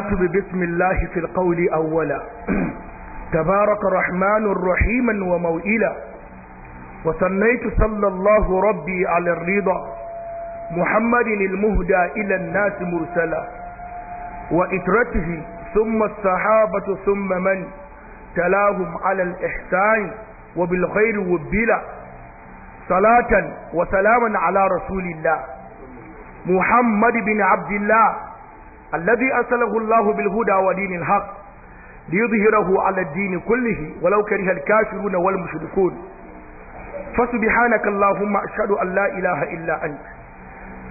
بدأت ببسم الله في القول أولا تبارك رحمن رحيما وموئلا وثنيت صلى الله ربي على الرضا محمد المهدى إلى الناس مرسلا وإترته ثم الصحابة ثم من تلاهم على الإحسان وبالخير وبلا صلاة وسلاما على رسول الله محمد بن عبد الله alladhi arsalahu Allahu bil huda wa dinil haqq liyudhhirahu ala ad-din kullihi walau kariha al-kafirun wal mushrikun فسبحانك اللهم أشهد أن لا إله إلا أنت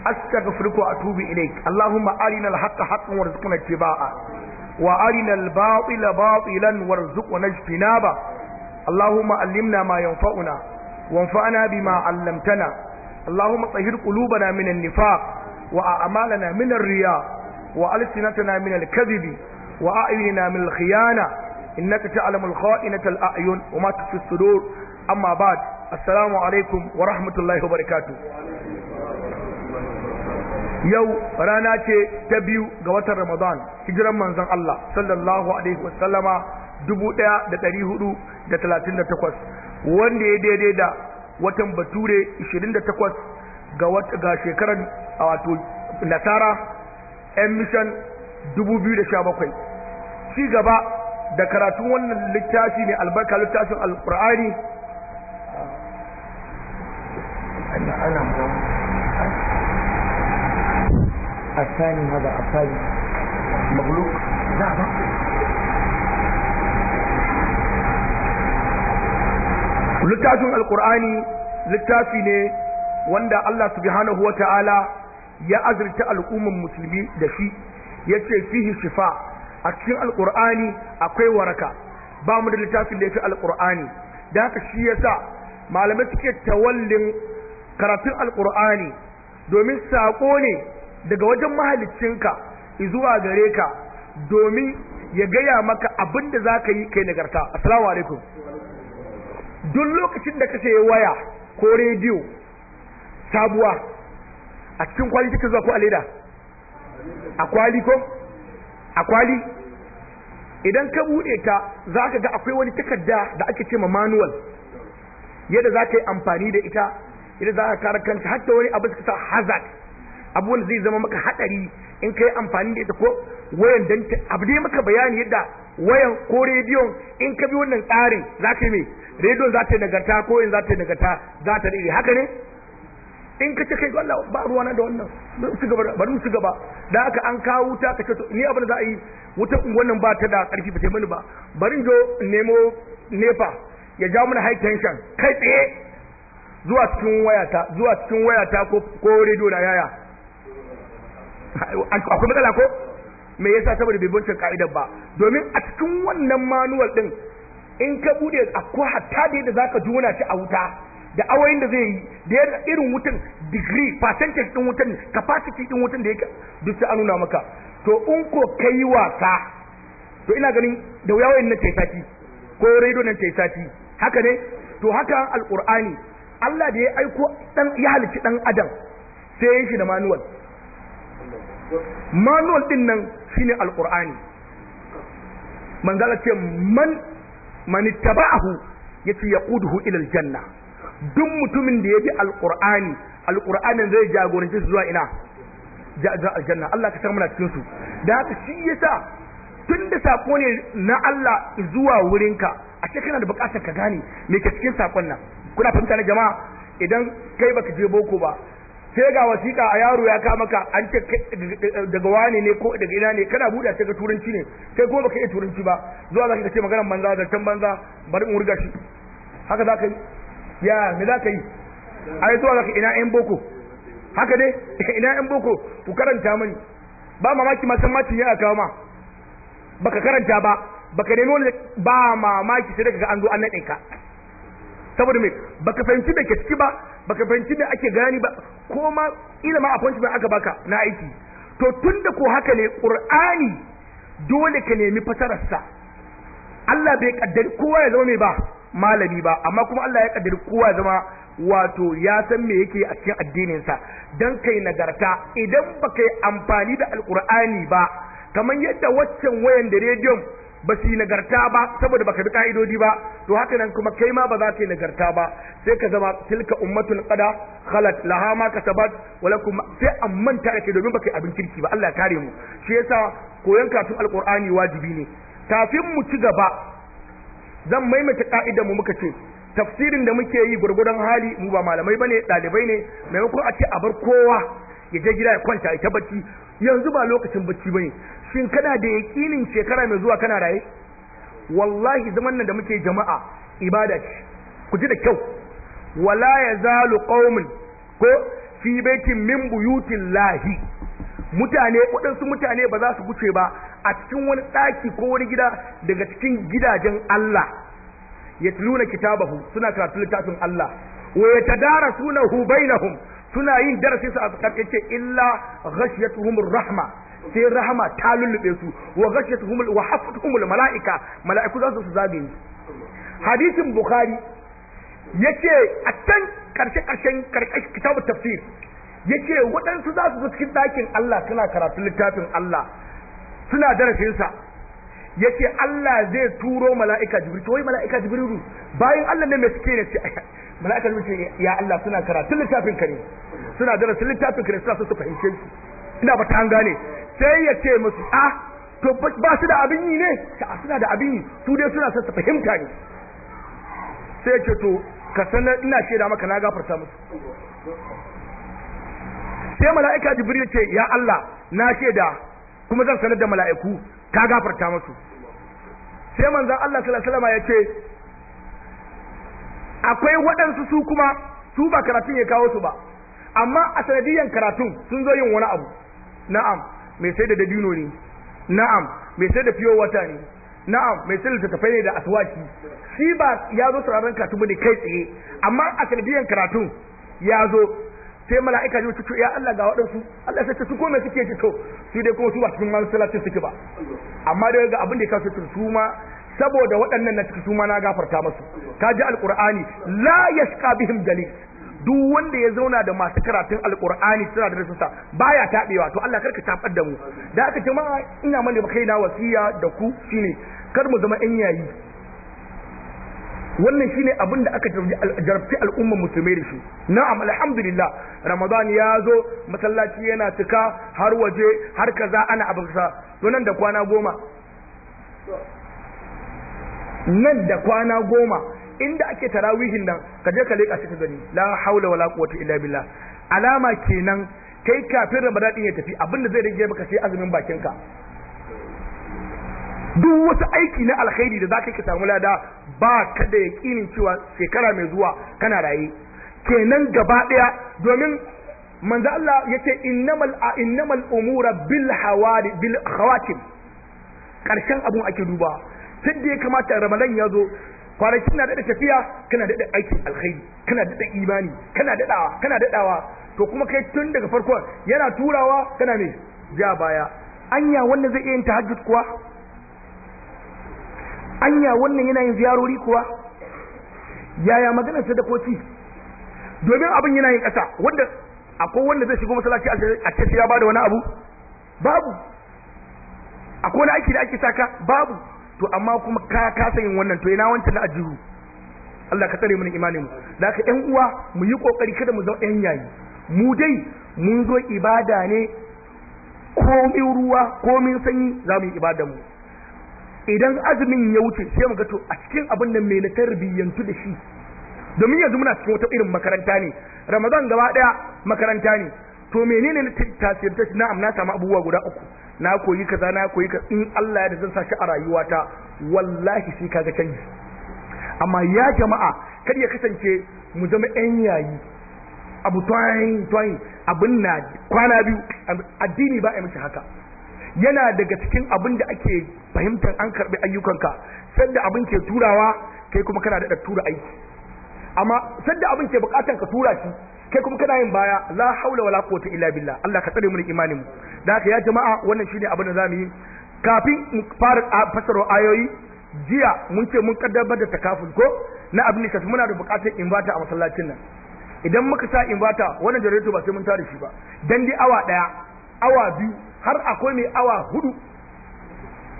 أستغفرك وأتوب إليك اللهم أرنا الحق حقا وارزقنا اتباعه وأرنا الباطل باطلا وارزقنا اجتنابه اللهم علمنا ما ينفعنا وانفعنا بما علمتنا اللهم طهر قلوبنا من النفاق وأعمالنا من الرياء وألسنتنا من الكذب وأعيننا من الخيانة إنك تعلم الخائنة الأعين وما تخفي الصدور أما بعد السلام عليكم ورحمة الله وبركاته yau rana ce ta biyu ga watan Ramadan hijiran manzon Allah sallallahu alaihi wasallama 1438 wanda ya daidai da watan Bature 28 ga shekarar wato nasara 'yan mishan 2017 ci gaba da karatun wannan littafi mai albarka littafin alkur'ani الثاني هذا الثاني مغلوق لا ما littafin alkur'ani littafi ne wanda Allah subhanahu ya azurta al'umman musulmi da shi ya ce fihi shifa a cikin alƙur'ani akwai waraka ba mu da littafin da ya fi alƙur'ani da haka shi ya sa malamai suke tawallin karatun alƙur'ani domin saƙo ne daga wajen mahaliccinka zuwa gare ka domin ya gaya maka abin da za ka yi kai nagarta assalamu alaikum duk lokacin da ka waya ko rediyo sabuwa a cikin kwali take zuwa ko a leda a kwali ko a kwali idan ka bude ta za ka ga akwai wani takarda da ake ce ma manual yadda za ka yi amfani da ita yadda za ka kare hatta wani abu suka sa hazard abubuwan zai zama maka hadari in ka yi amfani da ita ko wayan dan abu dai maka bayani yadda wayan ko rediyon in ka bi wannan tsarin za ka yi mai rediyon za ta yi nagarta ko yin za ta yi nagarta za ta daidai haka ne in ka ce kai Allah ba ruwana da wannan su gaba bari su gaba da haka an kawo wuta ka ce to ni abin da za a yi wutar wannan ba ta da karfi ba ta mani ba bari jo nemo nepa ya jawo mana high tension kai tsaye zuwa cikin wayata zuwa cikin wayata ko ko rediyo na yaya akwai matsala ko me yasa saboda bai bincin ka'idar ba domin a cikin wannan manual din in ka bude akwai hatta da yadda zaka jona shi a wuta da awayin da zai yi da irin wutan degree percentage din wutan capacity din wutan da yake duk sai an nuna maka to in ko kai wasa to ina ganin da wayoyin na tayi ko radio nan tayi haka ne to haka alqur'ani Allah da ya aiko dan ya halici dan adam sai ya shi da manual manual din nan shine alqur'ani manzala ce man manittaba'ahu ittaba'ahu yace yaquduhu ila aljanna duk mutumin da ya bi alkur'ani alqur'anin zai jagoranci zuwa ina aljanna Allah ka tarmana cikin su da haka shi yasa tun da sako ne na Allah zuwa wurinka a ce kana da bukatar ka gane me ke cikin sakon nan kuna fahimta na jama'a idan kai baka je boko ba sai ga wasiƙa a yaro ya kama maka an ce daga wani ne ko daga ina ne kana buɗe sai ga turanci ne sai ko baka iya turanci ba zuwa zaka ce maganar banza da can banza bari in wurga shi haka zaka yi ya me za ka yi ai zuwa zaka ina yan boko haka ne ina yan boko ku karanta mani ba mamaki matin ya kawo ma baka karanta ba baka ne wani ba mamaki sai daga an zo an naɗe ka saboda me baka fahimci da ke ciki ba baka fahimci da ake gani ba ko ma ila ma appointment aka baka na aiki to tunda ko haka ne qur'ani dole ka nemi fasararsa Allah bai kaddari kowa ya zama mai ba malami ba amma kuma Allah ya kaddari kowa zama wato ya san me yake a cikin addininsa dan kai nagarta idan baka yi amfani da alkur'ani ba kamar yadda waccan wayan da rediyon ba su yi nagarta ba saboda baka bi ka'idodi ba to haka nan kuma kai ma ba za ka yi nagarta ba sai ka zama tilka ummatun qada khalat laha ma kasabat walakum sai an manta da kai domin baka yi abin kirki ba Allah ya kare mu shi yasa koyon karatun alqur'ani wajibi ne kafin mu ci gaba zan maimaita ka'idar mu muka ce tafsirin da muke yi gurgurdan hali mu ba malamai bane dalibai ne maimakon a ce a bar kowa ya je gida ya kwanta ita bacci yanzu ba lokacin bacci bane shin kana da yakinin shekara mai zuwa kana raye wallahi zaman nan da muke jama'a ibada ce ku ji da kyau wala yazalu qaumun ko fi baitin min buyutin lahi mutane waɗansu mutane ba za su guce ba a cikin wani ɗaki ko wani gida daga cikin gidajen Allah ya tiluna kitabahu suna karatu littafin Allah wa ya tadara suna bainahum suna yin darasi su a tsakanince illa ghashiyatuhum rahma sai rahama ta lullube su wa ghashiyatuhum wa hafatuhum malaika malaiku za su zabe ni hadisin bukhari yace a can karshe karshen karkashin kitabut tafsir ce waɗansu za su zo cikin ɗakin Allah suna karatu littafin Allah suna darasinsa ce Allah zai turo mala'ika jibril to wai mala'ika jibrilu bayan Allah ne mai suke ne ce mala'ika jibril ya Allah suna karatu littafin ka ne suna darasin littafin ka ne suna su fahimce shi ina ba ta gane sai ya ce musu a ah, to ba su da abin yi ne ta ah, suna da abin yi su dai suna su fahimta ne sai ya ce to ka sanar ina shaida maka na gafarta musu sai mala'ika jibril ce ya Allah na shaida kuma zan sanar da mala'iku ka gafarta masu sai manzon Allah sallallahu ya ce akwai waɗansu su kuma su ba karatun ya kawo su ba amma a sanadiyan karatun sun zo yin wani abu na'am mai sai da dabino ne na'am mai sai da fiyo wata ne na'am mai sai da tafai ne da aswaki shi ba ya zo sauraron karatu ne kai tsaye amma a sanadiyan karatun ya zo sai mala'ika zai to ya Allah ga waɗansu Allah sai ce su kome suke ce to su dai kuma su ba cikin masallacin suke ba amma dai ga abin da ya kawo su ma saboda waɗannan na cikin su ma na gafarta masu ta ji alƙur'ani la yasqa bihim jalis duk wanda ya zauna da masu karatun alƙur'ani suna da rasusa baya taɓewa to Allah karka tabar da mu da aka ma ina mallaka kaina wasiya da ku shine kar mu zama yan yayi wannan shine abin da aka jarfi al'ummar musulmai da shi na'am alhamdulillah ramadan ya zo masallaci yana cika har waje har kaza ana abinsa to nan da kwana goma nan da kwana goma inda ake tarawihin nan ka je ka leka shi ka gani la haula wala quwwata illa billah alama kenan kai kafin ramadan din ya tafi abin da zai rage maka sai azumin bakinka duk wasu aiki na alkhairi da zaka ka samu lada ba ka da yakinin cewa shekara mai zuwa kana raye kenan gaba ɗaya domin manzo Allah yace innamal innamal umura bil hawari bil khawatim karshen abun ake duba sai da ya kamata ramadan ya zo kwanaki na daɗa tafiya kana daɗa aikin alkhairi kana daɗa imani kana daɗawa kana daɗawa to kuma kai tun daga farkon yana turawa kana mai ja baya anya wanda zai iya yin tahajjud kuwa anya wannan yana yin ziyarori kuwa yaya da sadakoki domin abin yana yin ƙasa wanda akwai wanda zai shigo masallaci a ce ya bada wani abu babu akwai wani aiki da ake saka babu to amma kuma ka kasa yin wannan to yana wancan na ajihu Allah ka tsare mana imanin mu da ka ƴan uwa mu yi kokari kada mu zama ƴan yayi mu dai mun zo ibada ne komin ruwa komin sanyi za mu yi ibadan mu idan azumin ya wuce sai mu ga to a cikin abin nan me na tarbiyyantu da shi domin yanzu muna cikin wata irin makaranta ne ramadan gaba daya makaranta ne to menene na tasirta shi na'am na samu abubuwa guda uku na koyi kaza na koyi ka in Allah ya da zan sashi a rayuwata wallahi sai kaga canji amma ya jama'a kar ya kasance mu zama yan yayi abu twain twain abin na kwana biyu addini ba a mishi haka yana daga cikin abin da ake fahimtar an karbi ayyukanka sanda abin ke turawa kai kuma kana da tura aiki amma sanda abin ke bukatan ka tura shi kai kuma kana yin baya la haula wala quwwata illa billah Allah ka tsare mu imanin mu dan haka ya jama'a wannan shine abin da zamu yi kafin mu fara fasaro ayoyi jiya mun ce mun kaddabar da takaful ko na abin da muna da bukatar invata a masallacin nan idan muka sa invata wannan jarato ba sai mun tare shi ba dan dai awa daya awa biyu har akwai mai awa hudu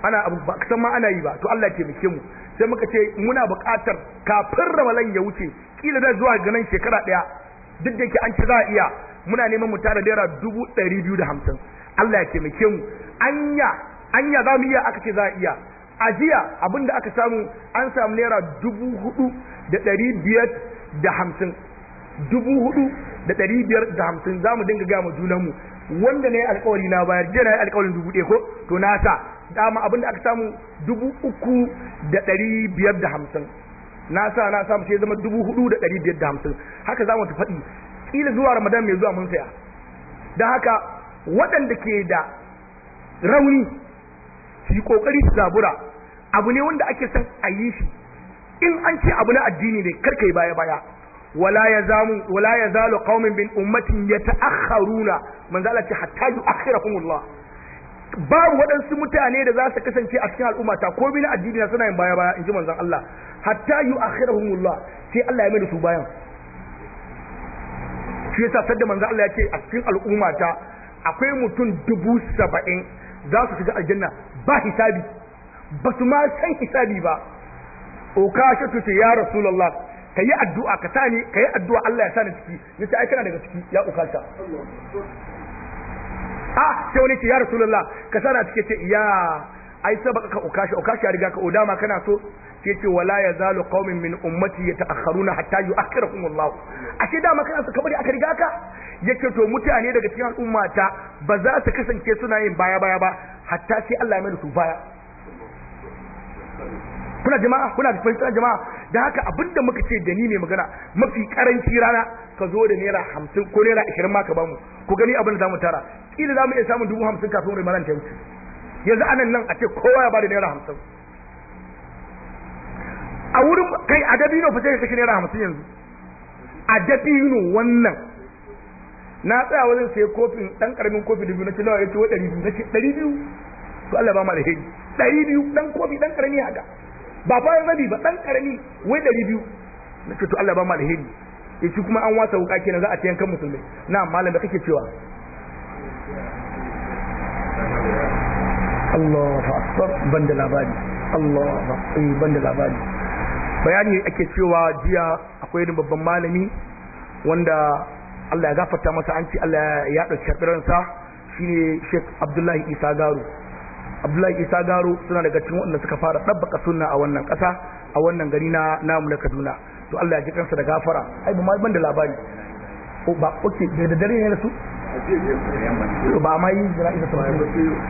ana abu ba san ma ana yi ba to Allah ya taimake mu sai muka ce muna buƙatar kafin ramalan ya wuce kila da zuwa ga shekara ɗaya duk da yake an ci za a iya muna neman mu tara naira dubu ɗari biyu da hamsin Allah ya taimake mu anya anya za mu iya aka ce za a iya a jiya abin da aka samu an samu naira dubu hudu da ɗari biyar da hamsin dubu hudu da ɗari biyar da hamsin za mu dinga gama junanmu wanda na yi alkawari na bayar jiya na yi alkawarin dubu ɗaya ko to na dama abin da aka samu dubu uku da ɗari biyar da hamsin na sa na samu sai zama dubu hudu da ɗari biyar da hamsin haka za mu ta faɗi ƙila zuwa ramadan mai zuwa mun saya don haka waɗanda ke da rauni su yi ƙoƙari su zabura abu ne wanda ake son a yi shi in an ce abu na addini ne karka yi baya baya wala ya zamu wala ya zalu qaumin bin ummatin yata'akhkharuna manzo Allah ce hatta yu'akhirakumullah babu waɗansu mutane da za su kasance a cikin al'umma ta ko bi na addini na suna yin baya baya in ji manzon Allah hatta akhirahumullah sai Allah ya mai da su bayan shi yasa sadda manzon Allah ya ce a cikin al'umma ta akwai mutum dubu saba'in za su shiga aljanna ba hisabi ba su ma san hisabi ba shi ce ya rasulullah ka yi addu'a ka ka yi addu'a Allah ya sani ciki ni ta ai kana daga ciki ya ukasha a sai wani ce ya rasulullah ka sana cike ce ya ai baka ka ukashi ukashi ya riga ka odama kana so sai ce wala ya zalu qaumin min ummati yata'akharuna hatta yu'akhirahum Allah ashe dama kana so kabari aka riga ka yake to mutane daga cikin al'ummata ba za su kasance suna yin baya baya ba hatta sai Allah ya mai su baya kuna jama'a kuna fahimtar jama'a da haka abinda da muka ce da ni mai magana mafi karanci rana ka zo da naira hamsin ko naira ashirin ma ka bamu ku gani abin da zamu tara kila zamu iya samun dubu hamsin kafin rimaran ta wuce yanzu anan nan a ce kowa ya bada naira hamsin a wurin kai a dabino fa sai ka naira hamsin yanzu a dabino wannan na tsaya wajen sai kofin dan karamin kofi da biyu na ce nawa ya ce wa ɗari biyu na ce ɗari biyu to Allah ba mu alheri ɗari biyu dan kofi dan karami haka ba fa rabi ba dan karami wai ɗari biyu na ce to Allah ba mu alheri ya ci kuma an wasa wuka kenan za a ta yankan musulmai na malam da kake cewa Allah akbar ban da labari Allahu akbar eh, ban da labari bayani ake cewa jiya akwai wani babban malami wanda Allah ya gafarta masa an ce Allah ya ɗauki ransa shine Sheikh Abdullahi Isa Garu abdullahi isa garo suna daga cikin waɗanda suka fara ɗabbaka sunna a wannan ƙasa a wannan gari na namu na kaduna to allah ya ji kansa da gafara ai ba ma ban da labari ba oke da dare ne su ba ma yi jana'izar sa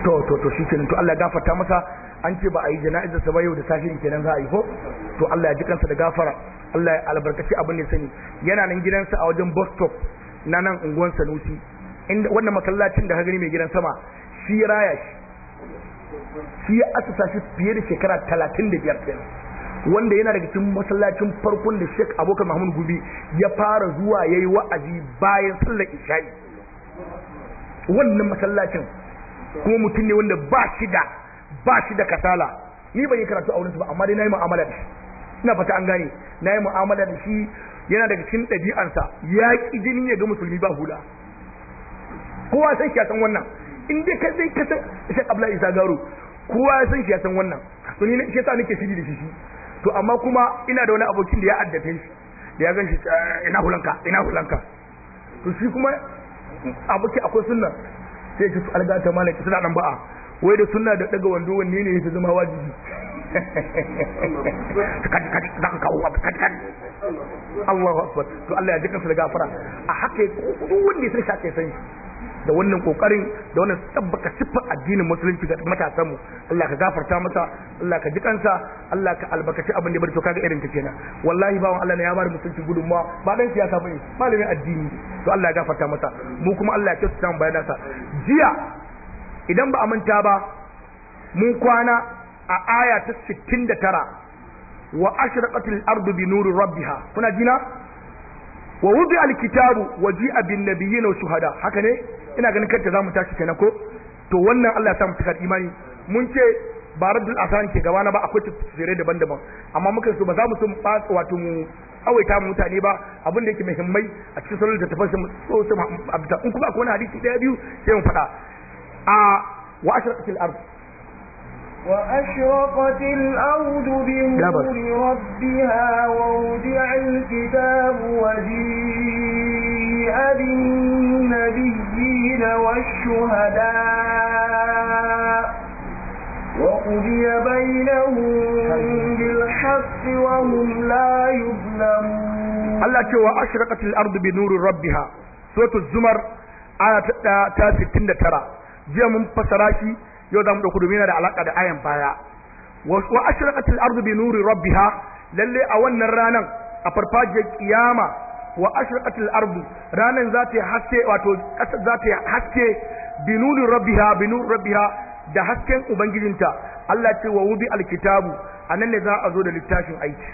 to to to shi kenan to allah ya gafarta masa an ce ba a yi jana'izar sa ba yau da safe kenan za a yi ko to allah ya ji kansa da gafara allah ya albarkaci abin da sani yana nan gidansa a wajen bus stop na nan unguwan sanusi inda wannan masallacin da ka gani mai gidan sama shi raya shi shi ya asasa shi fiye da shekara talatin da biyar kenan wanda yana daga cikin masallacin farkon da shek abokan Mahmud Gubi ya fara zuwa ya yi wa'azi bayan sallar Isha'i wannan masallacin kuma mutum ne wanda ba shi da ba shi da kasala ni ban yi karatu a wurinsa ba amma dai na yi mu'amala da shi ina fata an gane yi mu'amala da shi yana daga cikin ɗabi'arsa ya ƙi jini ya ga musulmi ba hula kowa san shi ya san wannan in dai kai sai ka san Sheikh Isa Garo kowa ya san shi ya san wannan to ni shi yasa nake shiri da shi shi to amma kuma ina da wani abokin da ya addabe shi da ya gan shi eh, ina hulanka ina hulanka to shi kuma aboki akwai sunna sai ki alga ta malaki suna nan ba'a wai da sunna da daga wando wanne ne ya zama wajibi kaji kaji za ka kawo abu kaji kaji Allahu akbar to Allah ya jikan su da gafara a haka ko wanda ya san shi haka san shi da wannan kokarin da wannan tabbaka siffar addinin musulunci ga matasanmu mu Allah ka gafarta masa Allah ka ji kansa Allah ka albarkaci abin da bari to kaga irin ta kenan wallahi bawon Allah ne ya bar musulunci gudunmawa ba dan siyasa bane malamin addini to Allah ya gafarta masa mu kuma Allah ya kyautata mu bayanansa jiya idan ba a manta ba mun kwana a aya ta 69 wa ashraqatil ardu bi nuri rabbiha kuna jina wa wudi alkitabu wa ji'a bin nabiyyi wa shuhada haka ne ina ganin kanta zamu tashi kenan ko to wannan Allah ya sa mu cika imani mun ce ba raddul asani ke gabana ba akwai tafsirai daban-daban amma muka so ba za mu so mu wato mu awaita mu mutane ba abin da yake muhimmai a cikin salon da tafsir mu so su in kuma akwai wani hadisi daya biyu sai mu faɗa a wa ashratil ardh وأشرقت الأرض بنور ربها ووضع الكتاب وجيء بالنبيين والشهداء وقضي بينهم بالحق وهم لا يظلمون الله كوا وأشرقت الأرض بنور ربها سورة الزمر آية 69 جاء من فسراشي yau za mu dauko domin yana da alaƙa da ayan baya wa ashraqat al-ardu bi nuri rabbiha lalle a wannan ranan a farfajiyar kiyama wa ashraqat al-ardu ranan za ta haske wato kasar za ta haske bi nuri rabbiha bi nuri rabbiha da hasken ubangijinta Allah ce wa wudi al-kitabu anan ne za a zo da littafin aiki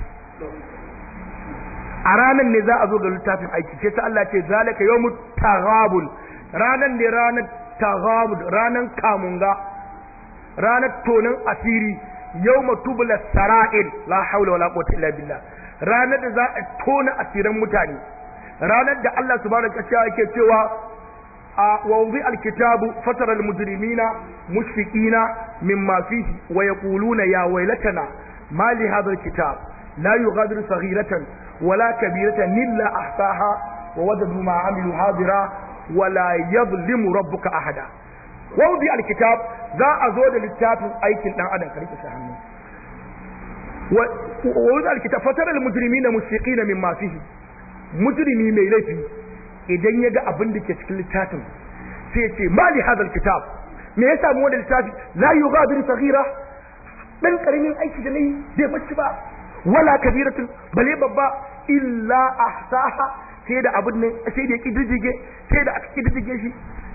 a ranan ne za a zo da littafin aiki sai ta Allah ce zalika yawmut taghabul ranan ne ranan taghabul ranan kamunga ranar tonin asiri yau tubla sara'il la haula wala quwwata illa billah ranar da za a tona asiran mutane ranar da Allah subhanahu wa ta'ala yake cewa a wanzu alkitabu fataral mujrimina mushfiqina mimma fihi wa yaquluna ya waylatana ma li hadha alkitab la yughadiru saghiratan wala kabiratan illa ahsaha wa wajadu ma amilu hadira wala yadhlimu rabbuka ahada wawdi alkitab za a zo da littafin aikin dan adam karki sa hannu wawdi alkitab fatar almujrimina musiqina mimma fihi mujrimi mai laifi idan yaga abin da ke cikin littafin sai ce mali hadal kitab me yasa mu wanda littafi la yughadir saghira dan karimin aiki da nayi bai bacci ba wala kabiratun bale babba illa ahsaha sai da abin ne sai da kididige sai da aka kididige shi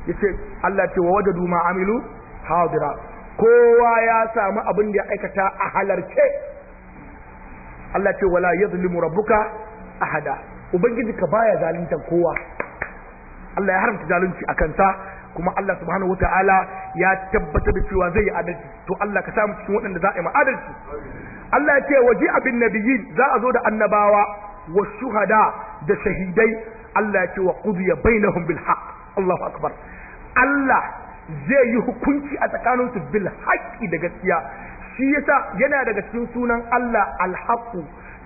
yace Allah ce wa wajadu ma amilu hadira kowa ya samu abin da ya aikata a halarce Allah ce wala yadhlimu rabbuka ahada ubangiji ka baya zalunta kowa Allah ya haramta zalunci a kansa kuma Allah subhanahu wataala ya tabbatar da cewa zai yi adalci to Allah ka samu cikin waɗanda za a yi ma adalci Allah ya ce waji abin nabiyyin za a zo da annabawa wa shuhada da shahidai Allah ya ce wa qudiya bainahum bil haqq Allahu akbar Allah zai yi hukunci a tsakanin su bil haƙƙi da gaskiya shi yasa yana daga cikin sunan Allah al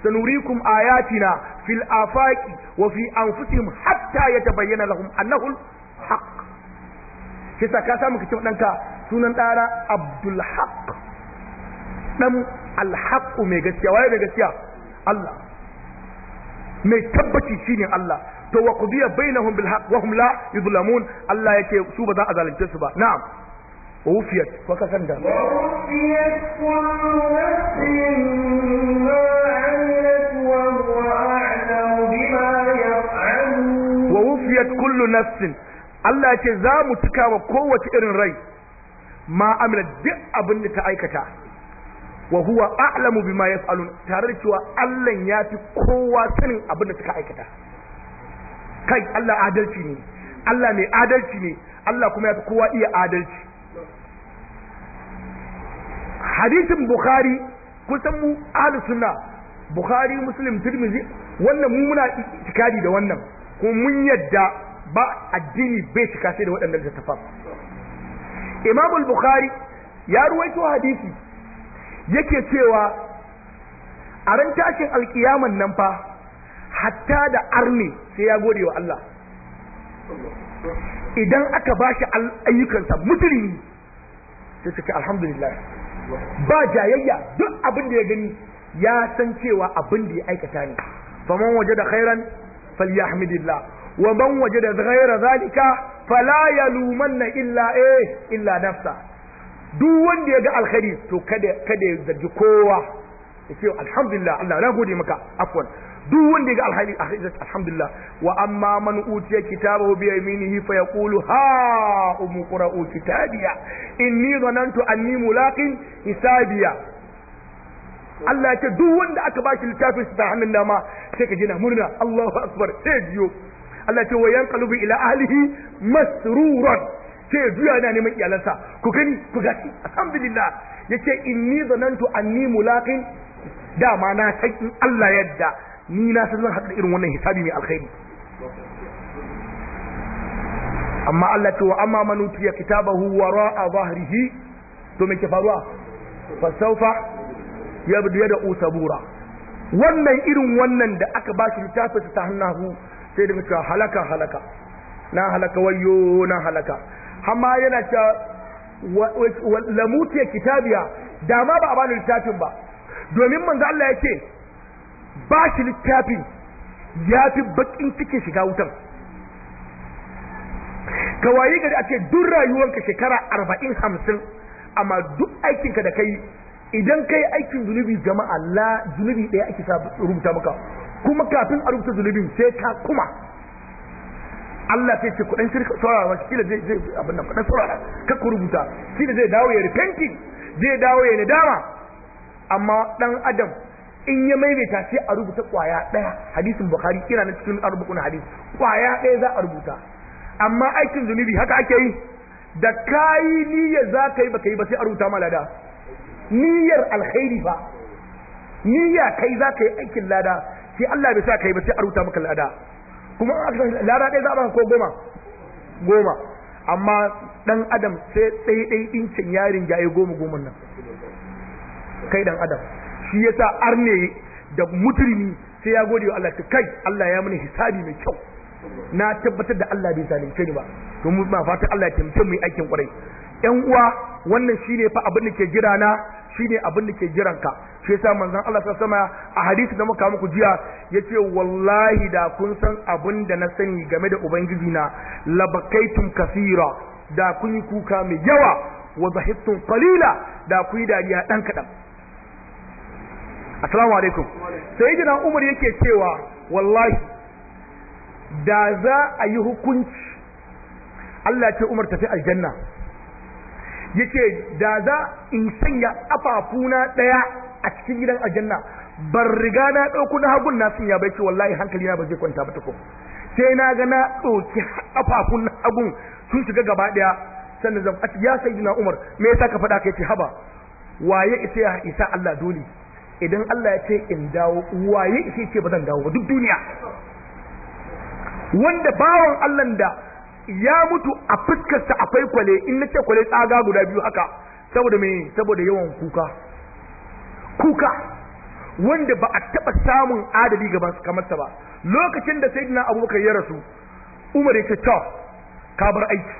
sanurikum ayatina fil afaqi wa fi anfusihim hatta yatabayyana lahum annahu al-haqq kisa ka samu kace danka sunan dara Abdul Haqq dan al mai gaskiya waye mai gaskiya Allah mai tabbaci shine Allah to wa qudiya bainahum bil haqq wa hum la yuzlamun Allah yake su ba za a zalunce su ba na'am wa wufiyat fa ka san da wa wufiyat kullu nafsin ma wa huwa a'lamu bima wa wufiyat kullu nafsin Allah yake za mu tukawa kowace irin rai ma amilat duk abin da ta aikata wa huwa a'lamu bima yaf'alun tare da cewa Allah ya fi kowa sanin abin da suka aikata kai Allah adalci ne Allah mai adalci ne Allah kuma ya fi kowa iya adalci hadisin bukhari kusan mu ahli sunna bukhari muslim tirmidhi wannan mu muna itikadi da wannan ko mun yadda ba addini bai cika sai da waɗannan littattafan imam al-bukhari ya ruwaito hadisi yake cewa a ran tashin alkiyaman nan fa hatta da arni sai ya gode wa Allah idan aka ba shi ayyukansa musulmi sai suke alhamdulillah ba jayayya duk abin da ya gani ya san cewa abin da ya aikata ne faman waje da khairan falyahmidillah wa man waje da ghaira zalika fala yalumanna illa eh illa nafsa duk wanda ya ga alkhairi to kada kada ya zargi kowa ya ce alhamdulillah Allah na gode maka afwan duk wanda ga alhali a hajjat alhamdulillah wa amma man utiya kitabahu bi yaminihi fa yaqulu ha umqra'u kitabiya inni dhanantu anni mulaqin hisabiya Allah ce duk wanda aka bashi littafin sa hannun dama sai ka jina murna Allahu akbar sai jiyo Allah ya ce wa yanqalubu ila ahlihi masruran sai juya yana neman iyalansa ku gani ku gashi alhamdulillah yace inni dhanantu anni mulaqin dama na san in Allah yadda ni na san zan haɗa irin wannan hisabi mai alkhairi amma Allah ce wa amma man utiya kitabahu wara'a zahrihi to me ke faruwa fa sawfa yabdu yad'u sabura wannan irin wannan da aka bashi shi ta hannahu sai da cewa halaka halaka na halaka wayo na halaka amma yana cewa lamutiya kitabiya da ma ba a bani littafin ba domin manzo Allah ya ce ba shi littafin ya fi bakin cike shiga wutan ka waye gari a ce duk rayuwarka shekara arba'in hamsin amma duk aikinka da kai idan kai aikin zunubi jama'a la zunubi ɗaya ake sa rubuta maka kuma kafin a rubuta zunubin sai ka kuma Allah sai ce kuɗin shirka saurara shi da zai abin nan kuɗin saurara ka ku rubuta shi zai dawo ya repenti, zai dawo ya nadama amma ɗan adam in ya maimaita sai a rubuta kwaya ɗaya hadisin bukhari ina na cikin arbukun hadis kwaya ɗaya za a rubuta amma aikin zunubi haka ake yi da kayi niyyar za ka yi baka yi ba sai a rubuta malada niyyar alkhairi fa niyya kai za ka yi aikin lada sai Allah bai sa ka yi ba sai a rubuta maka lada kuma lada ɗaya za a baka ko goma goma amma dan adam sai ɗaya ɗaya ɗincin yarin jaye goma goma nan kai dan adam shi yasa arne da mutrimi sai ya gode wa Allah ta kai Allah ya mini hisabi mai kyau na tabbatar da Allah bai zalunce ni ba mu ma fatan Allah ya taimake mu aikin kwarai ƴan uwa wannan shine fa abin da ke jira na shine abin da ke jiran ka shi yasa manzon Allah ta sama a hadisi da muka muku jiya yace wallahi da kun san abin da na sani game da ubangiji na labakaitum kasira da kun yi kuka mai yawa wa zahittum qalila da kun yi dariya dan kadan assalamu alaikum na umar yake cewa wallahi da za a yi hukunci Allah ce umar tafi aljanna yake da za in sanya afafuna daya a cikin gidan aljanna ban riga na ɗauko na hagun na sun bai ce wallahi hankali na ba zai kwanta ba tukun sai na ga na ɗauki afafun hagun sun shiga gaba ɗaya sannan zan ya sayyidina umar me yasa ka faɗa kai ce haba waye ya isa Allah dole idan Allah ya ce in dawo waye shi ce ba zan dawo ba duk duniya wanda bawan Allah da ya mutu a fuskarsa akwai kwale in na ce kwale tsaga guda biyu haka saboda me saboda yawan kuka kuka wanda ba a taba samun adali gaban kamar sa ba lokacin da sayyidina abubakar ya rasu umar ya ce to ka bar aiki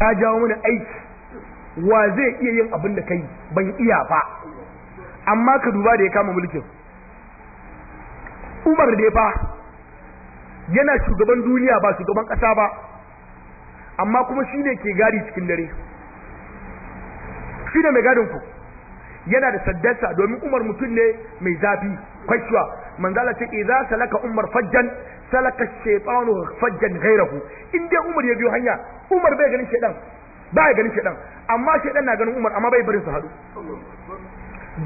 ka jawo mana aiki wa zai iya yin abin da kai ban iya ba amma ka duba da ya kama mulkin umar ya fa yana shugaban duniya ba shugaban ƙasa ba amma kuma shi ne ke gari cikin dare shi ne mai gadin ku yana da saddarsa domin umar mutum ne mai zafi kwashewa manzala ce za a salaka umar fajjan salaka shaytanu fajjan gairahu in dai umar ya biyo hanya umar bai ganin ba bai ganin shaidan amma shaidan na ganin umar amma bai barin su haɗu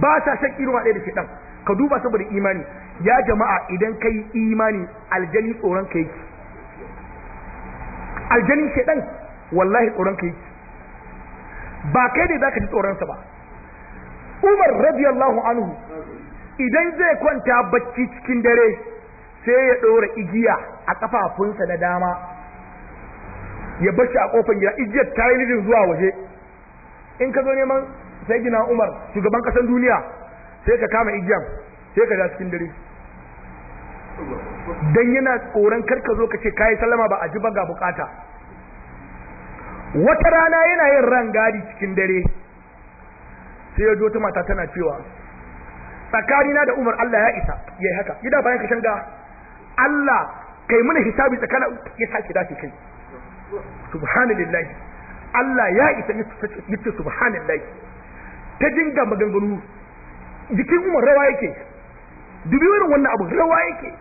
ba ta shan inuwa ɗaya da shedan ka duba saboda imani ya jama'a idan kai imani aljani tsoron ka yi. aljani shedan wallahi tsoron ka yi. ba kai ne zaka ji tsoron sa ba Umar radiyallahu anhu idan zai kwanta bacci cikin dare sai ya ɗora igiya a ƙafafunsa na dama ya bashi a kofar gida igiyar ta yi zuwa waje in ka zo neman sai gina umar shugaban kasan duniya sai ka kama igiyan sai ka ja cikin dare dan yana tsoron kar ka zo ka ce kayi sallama ba a ji ba ga bukata wata rana yana yin ran gadi cikin dare sai ya ta mata tana cewa tsakanina da umar Allah ya isa ya yi haka gida bayan ka shanga Allah kai mana hisabi tsakanin ya sake dace kai subhanallahi Allah ya isa ce subhanallahi ta dinga maganganu jikin umar rawa yake dubi irin wannan abu rawa yake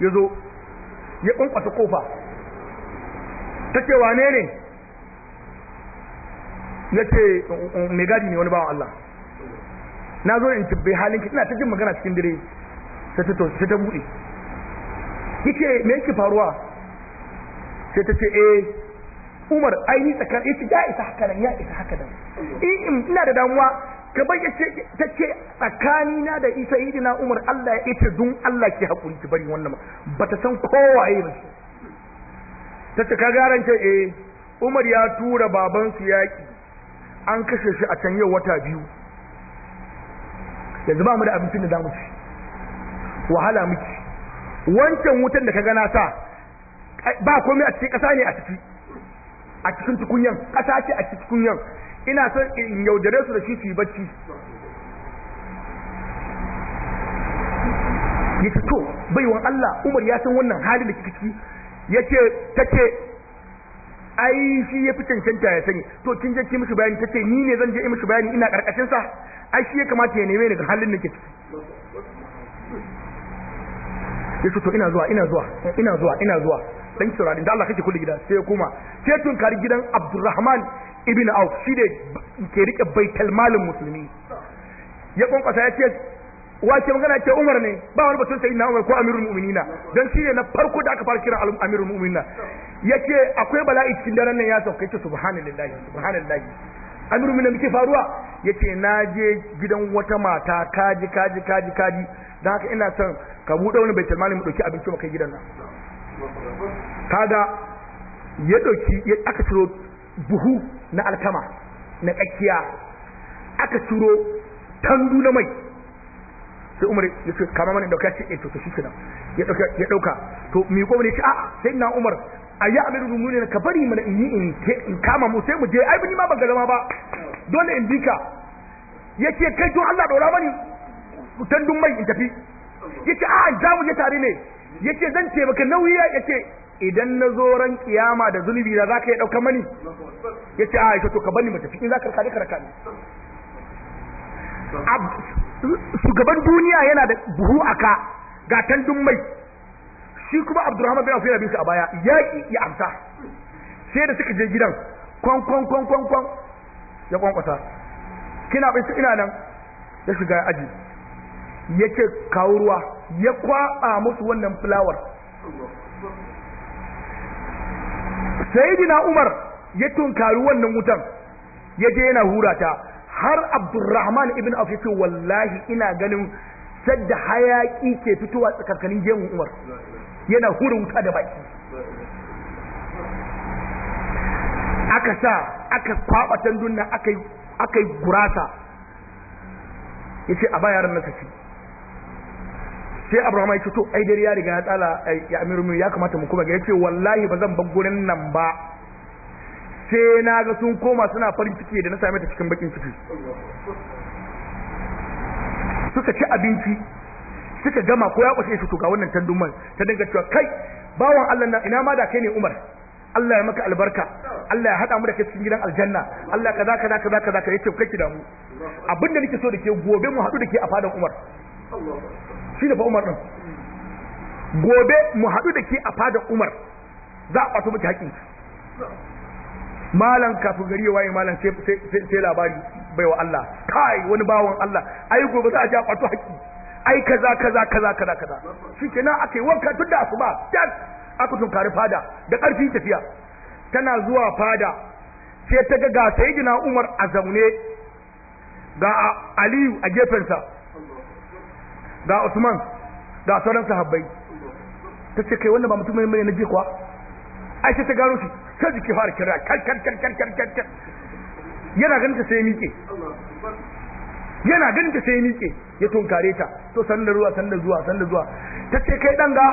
ya zo ya kwankwasa kofa ta ce wane ne ya ce mai gadi ne wani bawan Allah na zo in tubbe halin ki ina ta jin magana cikin dire sai ta buɗe yake me yake faruwa sai ta ce eh Umar aini ni tsakar yace ya isa haka nan ya isa haka nan eh, in ina da damuwa ka bayyace ta ce tsakani na da isa idina Umar Allah ya ita dun Allah ke hakuri ki bari wannan bata san kowaye ba ta ce ka garan ce eh Umar ya tura baban su yaki an kashe shi a can yau wata biyu yanzu ba mu da abincin da zamu ci wahala miki wancan wutan da ka na sa ba komai a cikin kasa ne a ciki a cikin tukunyan ƙasa ce a cikin tukunyan ina son in yaudare su da shi su yi bacci ya ce to baiwan Allah Umar ya san wannan hali da ciki ya ce ta ce ai shi ya fi cancanta ya sani to kin je ki mishi bayani ta ce ni ne zan je mishi bayani ina karkashin sa ai shi ya kamata ya neme ni ga halin da ke ciki ya ce to ina zuwa ina zuwa ina zuwa ina zuwa dan saurari da Allah kake kulli gida sai ya koma sai tun kari gidan Abdurrahman ibn Auf shi da ke rike baitul malin musulmi ya kwankwasa ya ce wace magana ce Umar ne ba wani batun sai na Umar ko Amirul Mu'minina dan shi ne na farko da aka fara kira Amirul Mu'minina yace akwai bala'i cikin daren nan ya sauka yace subhanallahi subhanallahi Amirul Mu'minina muke faruwa yace na je gidan wata mata kaji kaji kaji kaji dan haka ina son ka buɗe wani baitul mali mu dauki abinci mu kai gidan nan Kada ya dauki ya aka turo buhu na alkama na tsakiya aka turo tandu na mai sai umar ya ce kama mana dauka ce eh, to to shi ya dauka ya dauka to mi ko ne shi a sai na umar ayi amiru mu'minin ka bari mana in yi in in kama mu sai mu je ai ni ma ban galama ba dole in bika ce kai to Allah ɗora mani tandun mai in tafi yace a za mu je tare ne yace zan ce baka nauyi yace idan na zo ran kiyama da zunubi da zaka yi dauka mani yace a yace to ka bani mu tafi in zaka raka raka ni shugaban duniya yana da buhu aka ga tandun mai shi kuma Abdurrahman bin Auf yana bin a baya yaki ya amsa sai da suka je gidan kwan kwan kwan kwan kwan ya kwankwasa kina bai ina nan ya shiga aji yake kawo ruwa ya kwaba musu wannan fulawar sayyidina umar ya tunkari wannan wutan ya je yana hura ta har abdurrahman ibn Afifi wallahi ina ganin sadda hayaki ke fitowa tsakankanin gemun umar yana hura wuta da baki aka sa aka kwaɓa tandun nan aka yi gurasa yace a ba yaran nasa sai abraham ya ce to ai dare ya riga ya tsala ya amiru ya kamata mu kuma ga yace wallahi ba zan bar gurin nan ba sai na ga sun koma suna farin ciki da na same ta cikin bakin ciki suka ci abinci suka gama ko ya kwace shi to ga wannan tandumar ta dinga cewa kai bawan Allah na ina ma da kai ne Umar Allah ya maka albarka Allah ya hada mu da kai cikin gidan aljanna Allah kaza kaza kaza kaza kai ce kai ki mu abinda nake so da ke gobe mu hadu da ke a fadan Umar shi da fa umar din gobe mu haɗu da ke a fadar umar za a ɓato miki haƙƙin malam kafin gari ya waye malam sai labari baiwa Allah kai wani bawan Allah ai gobe za a ja ƙwato haƙƙi ai kaza kaza kaza kaza kaza shikenan aka yi wanka tun da asuba dan aka tunkari fada da ƙarfi tafiya tana zuwa fada sai ta ga ga sayyidina Umar a zaune ga Aliyu a gefensa ga Usman ga sauran sahabbai ta ce kai wannan ba mutum mai na ji kuwa ai sai ta gano shi sai jiki fara kira kar kar kar kar kar kar yana ganin ta sai miƙe yana ganin ta sai miƙe ya tunkare ta to san da ruwa san da zuwa san da zuwa ta ce kai dan ga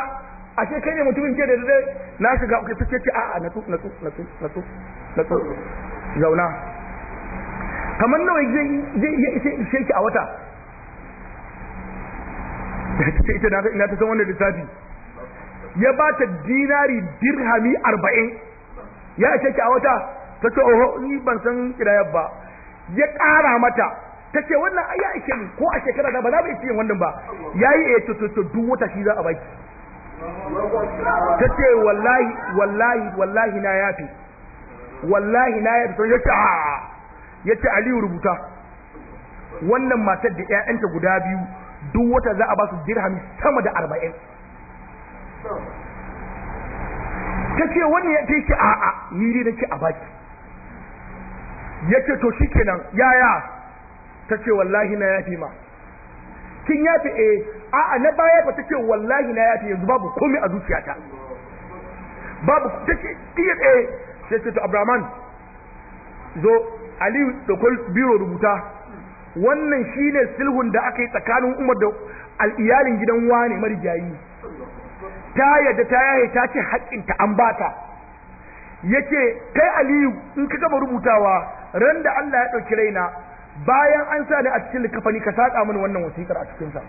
ashe kai ne mutumin ke da dai na shiga uku ta ce a'a na na na na zauna kamar nawa zai zai sai ki a wata ta ita na ina ta san wannan lissafi ya ba ta dinari dirhami arba'in ya ce ki a wata ta ce oho ni ban san kidayar ba ya ƙara mata ta ce wannan ai ya ni ko a shekara da ba za mu yi yin wannan ba yayi eh to to duk wata shi za a baki ta ce wallahi wallahi wallahi na yafi wallahi na yafi sai ya ce ya ce Aliyu rubuta wannan matar da ƴaƴanta guda biyu duk wata za a ba su dirhami sama da arba'in ta ce wani ya ce a'a ni dai ce a baki ya ce to shi kenan yaya ta ce wallahi na yafi ma kin yafi a eh, a'a na baya ba ta ce wallahi na yafi yanzu babu komi a zuciyata babu ta ce iya eh. tsaye sai ce to abraman zo aliyu da biro rubuta wannan shi ne sulhun da aka yi tsakanin Umar da al'iyalin gidan wane marigayi ta yadda ta yaye ta ce ta an ba ta yace kai Aliyu in ka gaba rubutawa ran da Allah ya ɗauki raina bayan an sa ni a cikin likafani ka saƙa mini wannan wasiƙar a cikinsa.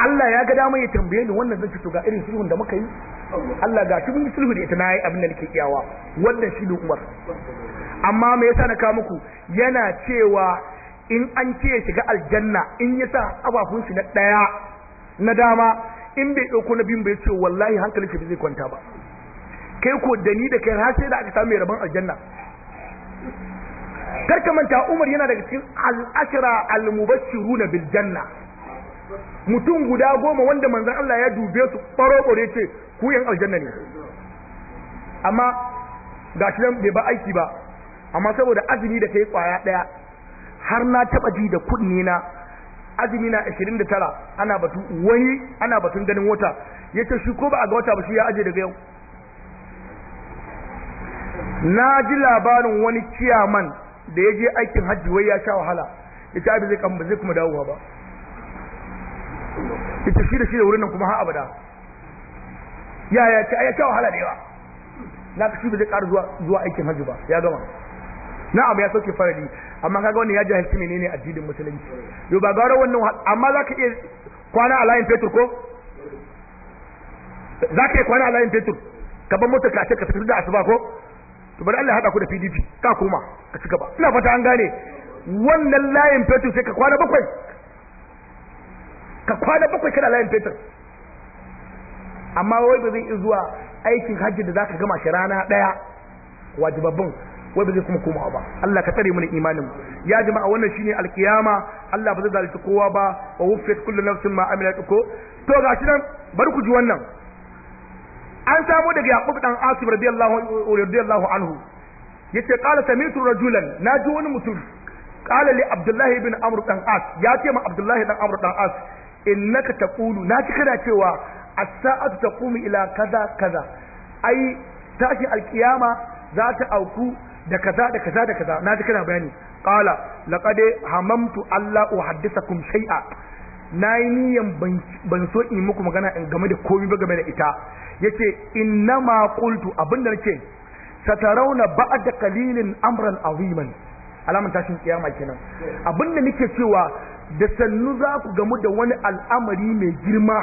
Allah ya ga damar ya tambaye ni wannan zai fito ga irin sulhun da muka yi Allah ga tun sulhu da ita na yi abin da nake iyawa wannan shi ne Umar amma me yasa na kawo muku yana cewa in an ce ya shiga aljanna in yasa sa abafun shi na daya na dama in bai dauko na biyun bai ce wallahi hankalin shi bai zai kwanta ba kai ko da ni da kai har sai da aka samu rabon aljanna karka manta Umar yana daga cikin al'ashira al mubashiru na biljanna mutum guda goma wanda manzan Allah ya dube su ɓaro-ɓaro ce ku yan aljanna ne amma ga shi nan bai ba aiki ba amma saboda azumi da ta yi kwaya ɗaya har na taɓa ji da kuɗi na azumi na 29 ana batun wani ana batun ganin wata ya ce shi ko ba a ga wata ba shi ya aje daga yau na ji labarin wani ciyaman da ya je aikin hajji wai ya sha wahala ya ce abin zai kama zai kuma dawowa ba ya ce shi da shi da wurin nan kuma har abada ya ya ce ya sha wahala da yawa na ka shi ba zai ƙara zuwa aikin hajji ba ya gama na abu ya sauke faradi amma kaga wannan ya jahilci menene addinin musulunci yo ba gara wannan amma zaka iya kwana a layin fetur ko zaka iya kwana a layin fetur ka bar motar ka ce ka fitar da asuba ko to bari Allah hada ku da PDP ka koma ka cigaba, ina fata an gane wannan layin fetur sai ka kwana bakwai ka kwana bakwai kana layin fetur amma wai ba zai iya zuwa aikin hajji da zaka gama shi rana daya wajibabbin wai ba zai kuma kuma ba Allah ka tsare mana imanin mu ya jama'a wannan shine alkiyama Allah ba zai zalunci kowa ba wa wuffiyat kullu nafsin ma amilat ko to gashi nan bari ku ji wannan an samu daga yaqub dan asib radiyallahu radiyallahu anhu yace qala sami'tu rajulan naji wani mutum qala li abdullahi ibn amr dan as ya ce ma abdullahi dan amr dan as innaka taqulu na ji kana cewa as-sa'atu taqumu ila kaza kaza ai tashi alkiyama za ta auku da kaza da kaza da kaza na ji kana bayani qala laqad hamamtu alla uhaddithakum shay'a na yi niyan ban so in muku magana in game da komi ba game da ita ya ce inna ma kultu abinda nake satarauna ba'a da kalilin amran aziman alamun tashin kiyama kenan abinda nake cewa da sannu za ku gamu da wani al'amari mai girma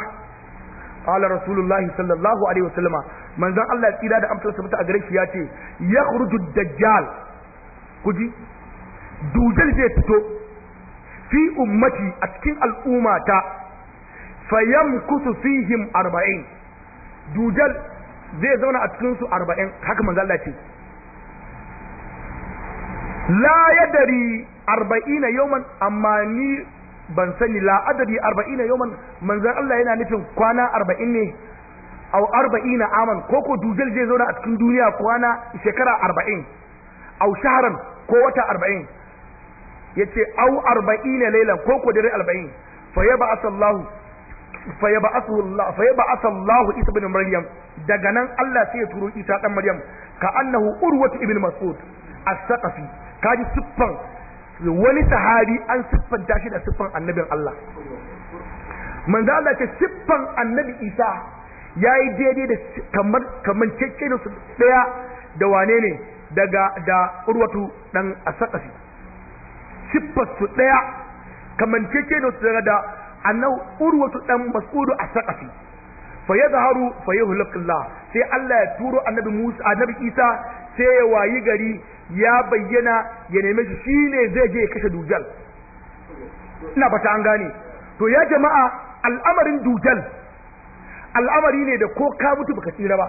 ala rasulullahi sallallahu alaihi wasallama manzon Allah ya tsira da amsar sabata a gare shi ya ce ya dajjal kuji dujal zai fito fi ummati a cikin al'ummata kusu fihim arba'in dujal zai zauna a cikin su arba'in haka manzo Allah ce la yadari arba'ina yawman amma ni ban sani la a arba'ina yawman manzan Allah yana nufin kwana arba'in ne au a aman ko ko dujal zai zauna a cikin duniya kwana shekara arba'in au shaharan ko wata arba'in yace au 40 laylan ko ko dare 40 fa yab'athu Allah fa yab'athu Allah fa yab'athu Allah Isa ibn Maryam daga nan Allah sai ya turo Isa dan Maryam ka annahu urwatu ibn Mas'ud as-Saqafi kaji siffan wani sahabi an siffanta shi da siffan annabin Allah manzo Allah siffan annabi Isa yayi daidai da kamar kamar cece da su daya da wane ne daga da urwatu dan asakafi siffar su daya kamancece da su da annau urwatu dan mas'udu a saqafi fa yadharu fa yuhlaqillah sai Allah ya turo annabi Musa annabi Isa sai ya wayi gari ya bayyana ya neme shi ne zai je kashe dujal ina bata an gane to ya jama'a al'amarin dujal al'amari ne da ko ka mutu baka tsira ba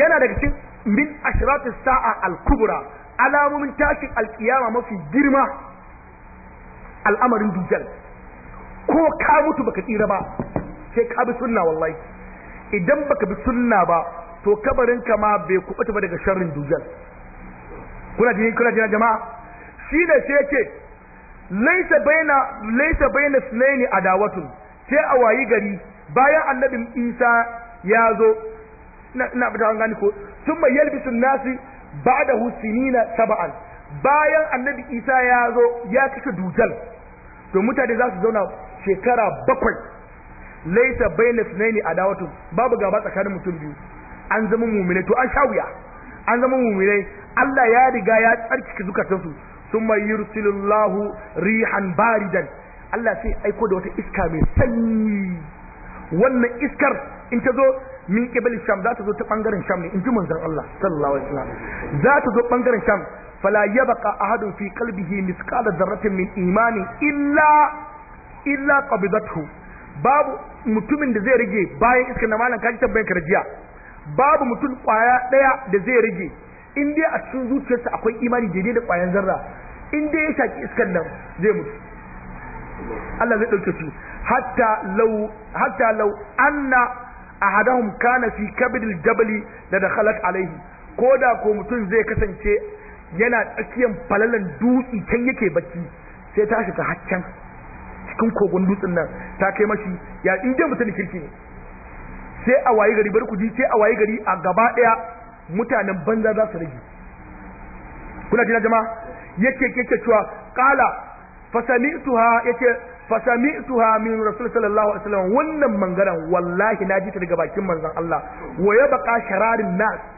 yana daga cikin min ashratis sa'a al-kubra alamomin tashin alkiyama mafi girma al'amarin dujjal ko ka mutu baka tsira ba sai ka bi sunna wallahi idan baka bi sunna ba to kabarinka ma bai kubuta ba daga sharrin dujjal. kuna jini kuna jina jama'a shi da sai ce laisa baina laisa baina sunaini adawatun sai a wayi gari bayan annabin isa ya zo ina fata an ko sun mai yalbisu nasi ba'da na saba'an. bayan annabi isa ya zo ya kashe dujal to mutane za su zauna shekara bakwai laisa bayna sunaini adawatu babu gaba tsakanin mutum biyu an zama mumine to an shawiya an zama mumine Allah ya riga ya tsarkake sun summa yursilullahu rihan baridan Allah sai aiko da wata iska mai sanyi wannan iskar in ta zo min kibali sham za ta zo ta bangaren sham ne in ji manzon Allah sallallahu alaihi wasallam za ta zo bangaren sham fala yabqa ahadun fi qalbihi misqala dharratin min imani illa illa qabidathu babu mutumin da zai rage bayan iska na malam kaji tabbayin karjiya babu mutum kwaya daya da zai rage in dai a cikin zuciyarsa akwai imani daidai da kwayan zarra in dai ya shaki iskan nan zai mutu Allah zai dauke shi hatta law hatta law anna ahadahum kana fi kabidil jabali da dakhalat alaihi ko da ko mutum zai kasance yana tsakiyan falalan dutsi can yake bacci sai ta shiga haccan cikin kogon dutsen nan ta kai mashi ya in dai mutum kirki ne sai a wayi gari bari sai a wayi gari a gaba daya mutanen banza za su rage kuna jina jama'a yake kike cewa qala fasami'tuha yake fasami'tuha min rasul sallallahu alaihi wasallam wannan mangaran wallahi na ji ta daga bakin manzon Allah wa ya baka shararin nas